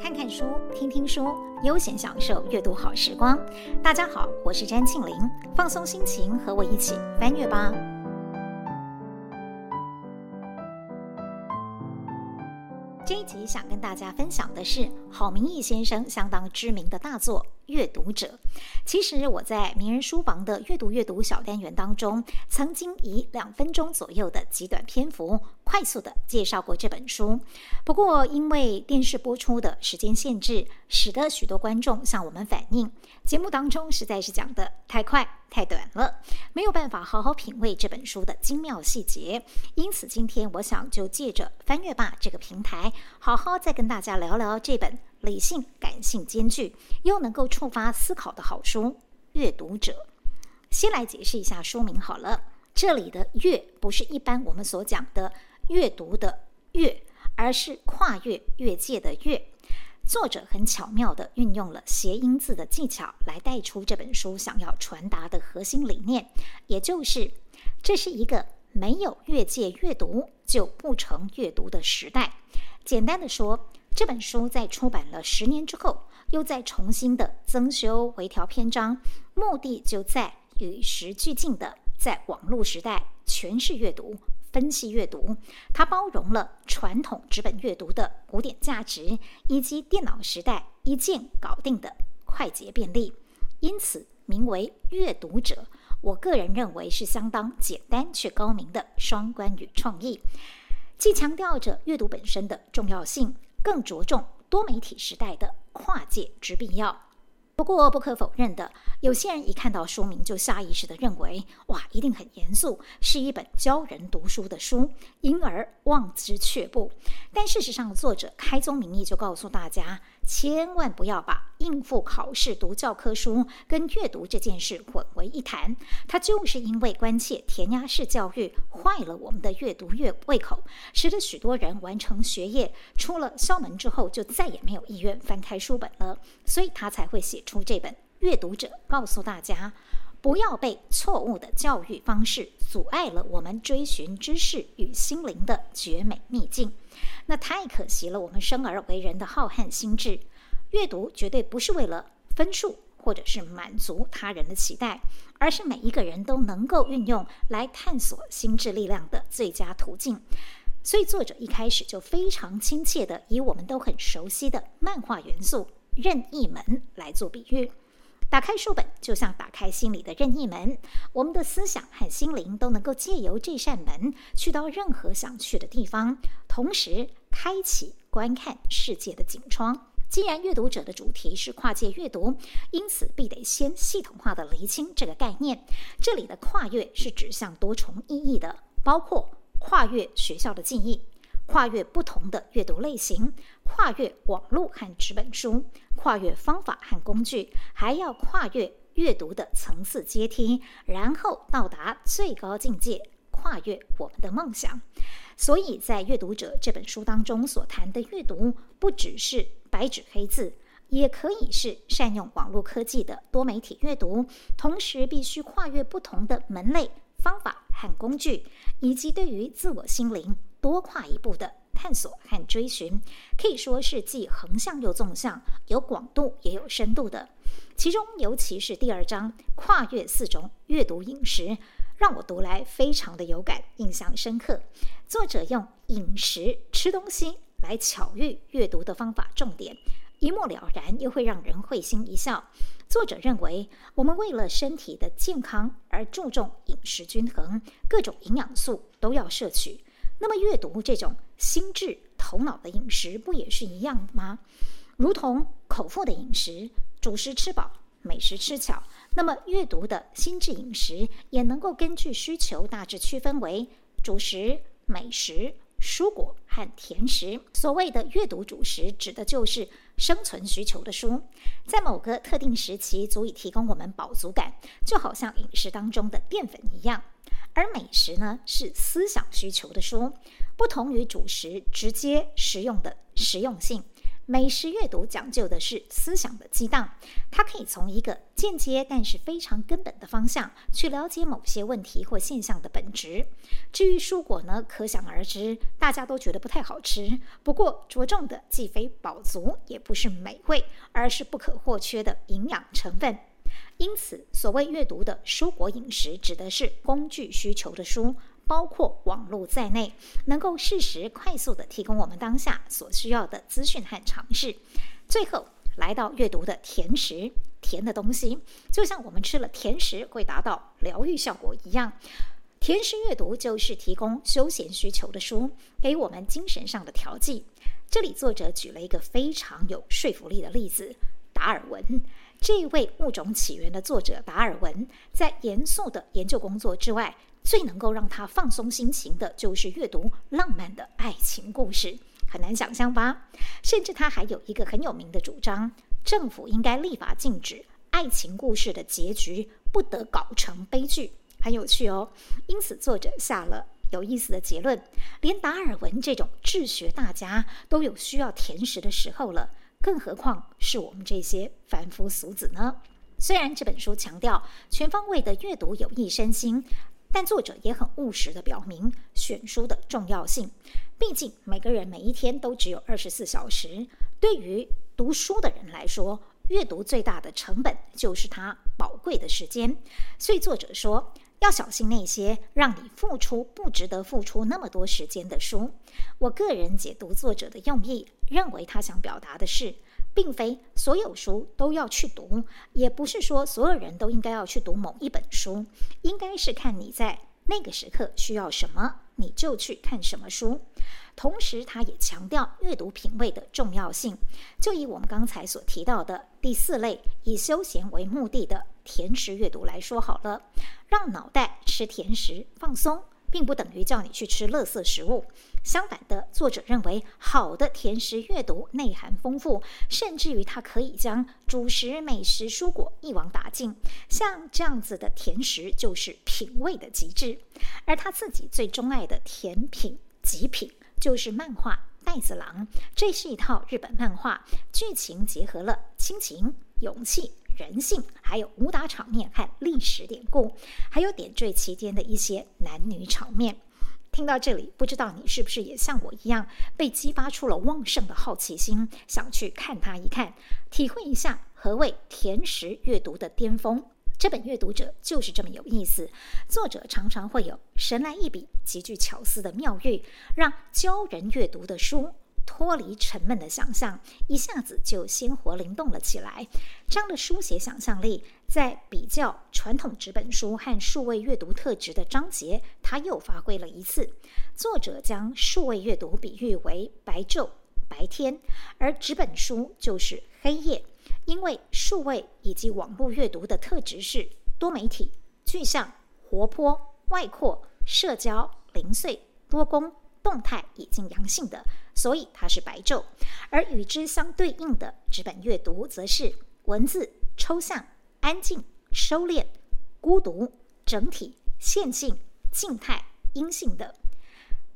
看看書，聽聽書，悠閒享受閱讀好時光。大家好，我是詹慶林，放鬆心情，和我一起翻閱吧。這一集想跟大家分享的是郝明義先生相當知名的大作。越讀者，其實我在《名人書房》的“閱讀閱讀”小單元當中，曾經以兩分鐘左右的極短篇幅，快速地介紹過這本書。不過，因為電視播出的時間限制，使得許多觀眾向我們反映，節目當中實在是講得太快、太短了，沒有辦法好好品味這本書的精妙細節。因此，今天我想就借着“翻閱 bar” 這個平台，好好再跟大家聊聊這本《理性》。性兼具又能夠觸發思考的好書，越讀者，先來解釋一下書名好了。這裡的「越」不是一般我們所講的閱讀的「閱」，而是跨越、越界的“越”。作者很巧妙的運用了諧音字的技巧來帶出這本書想要傳達的核心理念，也就是這是一個沒有越界閱，閱讀就不成閱讀的時代。簡單的說。這本書在出版了十年之後，又再重新的增修、微調篇章，目的就在與時俱進的在網絡時代詮釋閱讀、分析閱讀。它包容了傳統紙本閱讀的古典價值，以及電腦時代一鍵搞定的快捷便利。因此，名為“越讀者”，我個人認為是相當簡單卻高明的雙關與創意，既強調着閱讀本身的重要性。更着重多媒體時代的跨界之必要。不過，不可否認的，有些人一看到書名就下意識地認為，哇，一定很嚴肅，是一本教人讀書的書，因而望之卻步。但事實上，作者開宗明義就告訴大家，千萬不要把應付考試、讀教科書跟閱讀這件事混為一談。他就是因為關切填鴨式教育壞了我們的閱讀閱胃口，使得許多人完成學業、出了校門之後就再也沒有意願翻開書本了，所以他才會寫出這本《越讀者》，告訴大家不要被錯誤的教育方式阻礙了我們追尋知識與心靈的絕美秘境。那太可惜了，我們生而為人的浩瀚心智。閱讀絕對不是為了分數，或者是滿足他人的期待，而是每一個人都能夠運用來探索心智力量的最佳途徑。所以，作者一開始就非常親切地以我們都很熟悉的漫畫元素“任意門”來做比喻：打開書本，就像打開心裡的任意門，我們的思想和心靈都能夠借由這扇門去到任何想去的地方，同時開啟觀看世界的景窗。既然越讀者的主題是跨界閱讀，因此必得先系統化地釐清這個概念。這裡的跨越是指向多重意義的，包括跨越學校的記憶、跨越不同的閱讀類型，跨越網絡和紙本書，跨越方法和工具，還要跨越閱讀的層次階梯，然後到達最高境界，跨越我們的夢想。所以在《越讀者》這本書當中所談的閱讀，不只是白紙黑字，也可以是善用網絡科技的多媒體閱讀，同時必須跨越不同的門類、方法和工具，以及對於自我心靈多跨一步的探索和追尋，可以說是既橫向又縱向，有廣度也有深度的。其中，尤其是第二章“跨越四種閱讀飲食”。讓我讀來非常的有感，印象深刻。作者用飲食吃東西來巧喻閱讀的方法，重點一目了然，又會讓人會心一笑。作者認為，我們為了身體的健康而注重飲食均衡，各種營養素都要攝取。那麼，閱讀這種心智頭腦的飲食，不也是一樣的嗎？如同口腹的飲食，主食吃飽，美食吃巧。那麼，閱讀的心智飲食也能夠根據需求大致區分為主食、美食、蔬果和甜食。所謂的閱讀主食，指的就是生存需求的書，在某個特定時期足以提供我們飽足感，就好像飲食當中的澱粉一樣。而美食呢，是思想需求的書，不同於主食直接食用的實用性。美食閱讀講究的是思想的激盪，它可以從一個間接但是非常根本的方向去了解某些問題或現象的本質。至於蔬果呢，可想而知，大家都覺得不太好吃。不過着重的既非飽足，也不是美味，而是不可或缺的營養成分。因此，所謂閱讀的蔬果飲食，指的是工具需求的書。包括網絡在內，能夠適時、快速地提供我們當下所需要的資訊和常識。最後，來到閱讀的甜食，甜的東西，就像我們吃了甜食會達到療癒效果一樣，甜食閱讀就是提供休閒需求的書，給我們精神上的調劑。這裡作者舉了一個非常有說服力的例子：達爾文，這一位《物種起源》的作者，達爾文在嚴肅的研究工作之外。最能夠讓他放鬆心情的就是閱讀浪漫的愛情故事，很難想象吧？甚至他還有一個很有名的主張：政府應該立法禁止愛情故事的結局不得搞成悲劇，很有趣哦。因此，作者下了有意思的結論：連達爾文這種治學大家都有需要甜食的時候了，更何況是我們這些凡夫俗子呢？雖然這本書強調全方位的閱讀有益身心。但作者也很務實的表明選書的重要性，畢竟每個人每一天都只有二十四小時。對於讀書的人來說，閱讀最大的成本就是他寶貴的時間。所以作者說，要小心那些讓你付出不值得付出那麼多時間的書。我個人解讀作者的用意，認為他想表達的是。並非所有書都要去讀，也不是說所有人都應該要去讀某一本書，應該是看你在那個時刻需要什麼，你就去看什麼書。同時，他也強調閱讀品味的重要性。就以我們剛才所提到的第四類以休閒為目的的甜食閱讀來說好了，讓腦袋吃甜食放鬆。並不等於叫你去吃垃圾食物，相反的，作者認為好的甜食閱讀內涵豐富，甚至於它可以將主食、美食、蔬果一網打盡。像這樣子的甜食就是品味的極致，而他自己最鍾愛的甜品極品就是漫畫《帶子狼》，這是一套日本漫畫，劇情結合了親情、勇氣。人性，還有武打場面和歷史典故，還有點綴其間的一些男女場面。聽到這裡，不知道你是不是也像我一樣，被激發出了旺盛的好奇心，想去看它一看，體會一下何謂甜食閱讀的巔峰。這本《越讀者》就是這麼有意思，作者常常會有神來一筆，極具巧思的妙喻，讓教人閱讀的書。脫離沉悶的想象，一下子就鮮活靈動了起來。這樣的書寫想象力，在比較傳統紙本書和數位閱讀特質的章節，他又發揮了一次。作者將數位閱讀比喻為白晝、白天，而紙本書就是黑夜。因為數位以及網絡閱讀的特質是多媒體、具象、活潑、外擴、社交、零碎、多工。動態以及陽性的，所以它是白晝；而與之相對應的紙本閱讀，則是文字、抽象、安靜、收斂、孤獨、整體、線性、靜態、陰性的。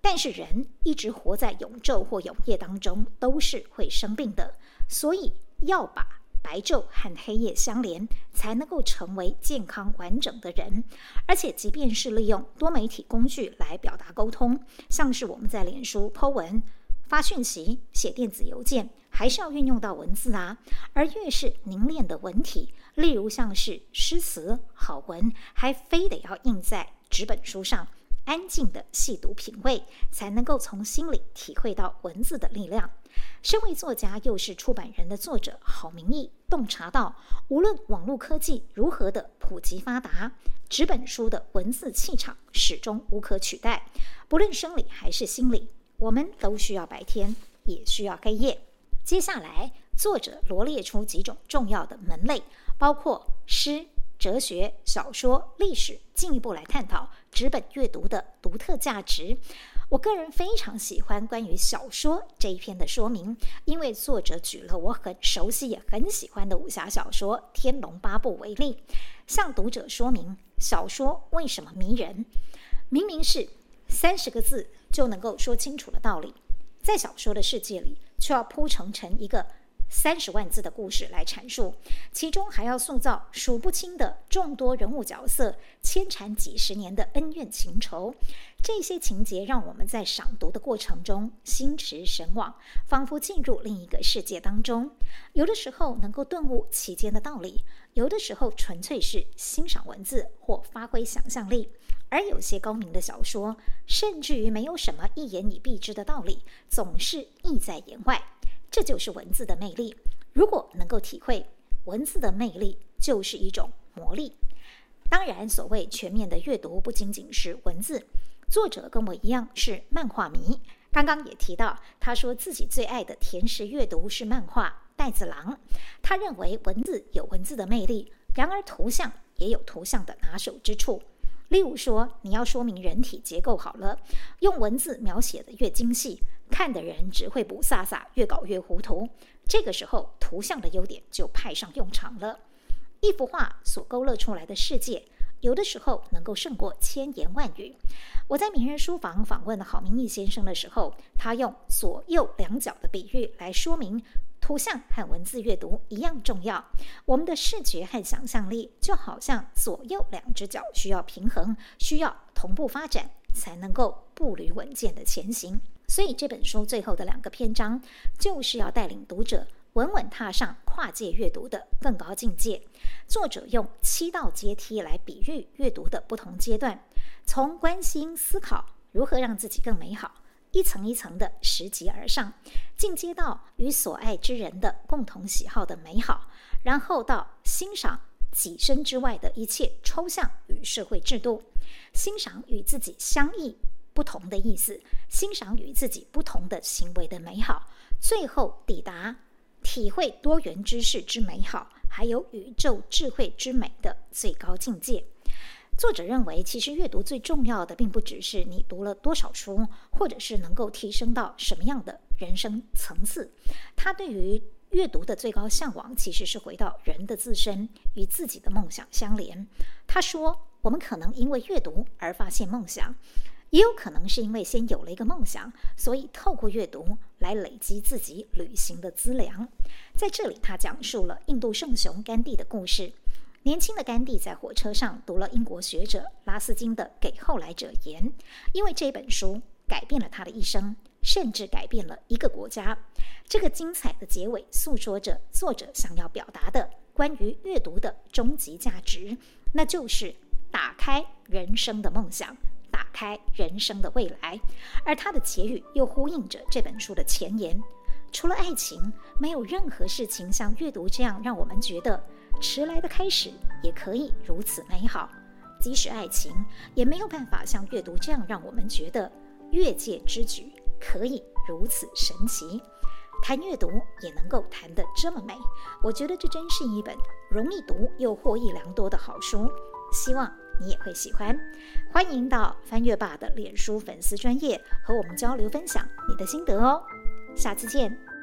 但是人一直活在永晝或永夜當中，都是會生病的。所以要把。白晝和黑夜相連，才能夠成為健康完整的人。而且，即便是利用多媒體工具來表達溝通，像是我們在臉書 Po 文、發訊息、寫電子郵件，還是要運用到文字啊。而越是凝練的文體，例如像是詩詞、好文，還非得要印在紙本書上。安靜地細讀品味，才能夠從心裡體會到文字的力量。身為作家又是出版人的作者郝明義洞察到，無論網絡科技如何的普及發達，紙本書的文字氣場始終無可取代。不論生理還是心理，我們都需要白天，也需要黑夜。接下來，作者羅列出幾種重要的門類，包括詩、哲學、小說、歷史，進一步來探討。紙本閱讀的獨特價值，我個人非常喜歡關於小說這一篇的說明，因為作者舉了我很熟悉也很喜歡的武俠小說《天龍八部》為例，向讀者說明小說為什麼迷人。明明是三十個字就能夠說清楚的道理，在小說的世界裡卻要鋪成成一個。三十萬字的故事來闡述，其中還要塑造數不清的眾多人物角色，牽纏幾十年的恩怨情仇，這些情節讓我們在賞讀的過程中心馳神往，仿佛進入另一個世界當中。有的時候能夠頓悟其間的道理，有的時候純粹是欣賞文字或發揮想象力，而有些高明的小說，甚至於沒有什麼一言以蔽之的道理，總是意在言外。這就是文字的魅力。如果能夠體會文字的魅力，就是一種魔力。當然，所謂全面的閱讀，不僅僅是文字。作者跟我一樣是漫畫迷，剛剛也提到，他說自己最愛的甜食閱讀是漫畫《帶子狼》。他認為文字有文字的魅力，然而圖像也有圖像的拿手之處。例如說，你要說明人體結構好了，用文字描寫的越精細，看的人只會霧煞煞，越搞越糊塗。這個時候，圖像的優點就派上用場了。一幅畫所勾勒出來的世界，有的時候能夠勝過千言萬語。我在名人書房訪問郝明義先生的時候，他用左右兩腳的比喻來說明。圖像和文字閱讀一樣重要，我們的視覺和想象力就好像左右兩隻腳，需要平衡，需要同步發展，才能夠步履穩健的前行。所以這本書最後的兩個篇章，就是要帶領讀者穩穩踏上跨界閱讀的更高境界。作者用七道階梯來比喻閱讀的不同階段，從關心思考如何讓自己更美好。一層一層地拾級而上，進階到與所愛之人的共同喜好的美好，然後到欣賞己身之外的一切抽象與社會制度，欣賞與自己相異不同的意思，欣賞與自己不同的行為的美好，最後抵達體會多元知識之美好，還有宇宙智慧之美的最高境界。作者認為，其實閱讀最重要的，並不只是你讀了多少書，或者是能夠提升到什麼樣的人生層次。他對於閱讀的最高向往，其實是回到人的自身，與自己的夢想相連。他說：“我們可能因為閱讀而發現夢想，也有可能是因為先有了一個夢想，所以透過閱讀來累積自己旅行的資糧。”在這裡，他講述了印度聖雄甘地的故事。年輕的甘地在火車上讀了英國學者拉斯金的《給後來者言》，因為這本書改變了他的一生，甚至改變了一個國家。這個精彩的結尾訴說着作者想要表達的關於閱讀的終極價值，那就是打開人生的夢想，打開人生的未來。而他的結語又呼應着這本書的前言：除了愛情，沒有任何事情像閱讀這樣讓我們覺得。遲來的開始也可以如此美好，即使愛情也沒有辦法像閱讀這樣讓我們覺得越界之舉可以如此神奇。談閱讀也能夠談得這麼美，我覺得這真是一本容易讀又獲益良多的好書。希望你也會喜歡，歡迎到翻閱 bar 的臉書粉絲專頁和我們交流分享你的心得哦。下次見。